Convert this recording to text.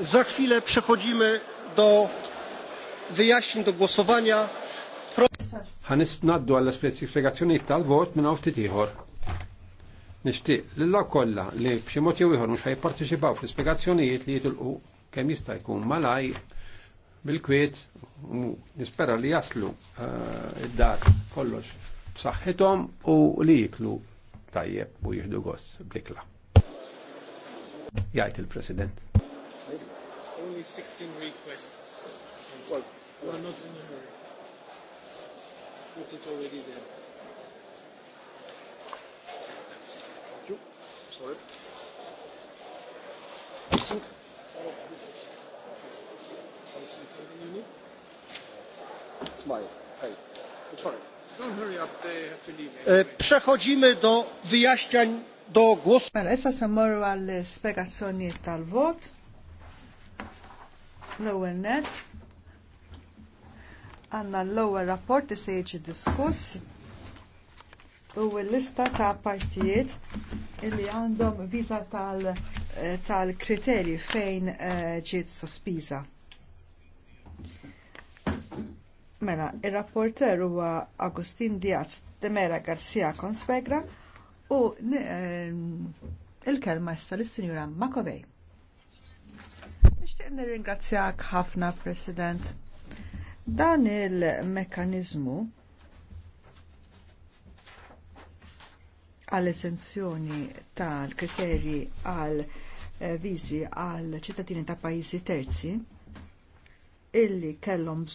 Za chwilę przechodzimy do wyjaśnień, do głosowania. Ħanis naddu għall tal-vot minn ftit ieħor. Nixtieq lilha kolla li bximot jew iħor mux ħajparteċipaw fl spiegazzjonijiet li jitilqu kemm jista' jkun malaj bil-kwiet nispera li jaslu eh, id-dar kollox b'saħħithom u li jiklu tajjeb u jieħdu gost blikla. Jajt il-President only 16 requests. What? we are not in a hurry. Put it already there. Thank you. Sorry. E, przechodzimy do wyjaśnień do głosu. Mela, issa se morru għall-spiegazzjonijiet tal-vot. L-ewwel net għandna l-ewwel rapport li se jiġi diskuss u l-lista ta' partijiet illi għandhom viża eh, tal-kriterji fejn eh, ġiet sospiża. Mela, ir-rapporter huwa Agustin Diaz Demera Garcia Consuegra u ehm, il-kelma jista' lis sinjura Makovej nirringrazzjak ħafna, President. Dan il mekanizmu għall esenzjoni tal-kriterji għal eh, viżi għal ċittadini ta' pajjiżi terzi illi kellhom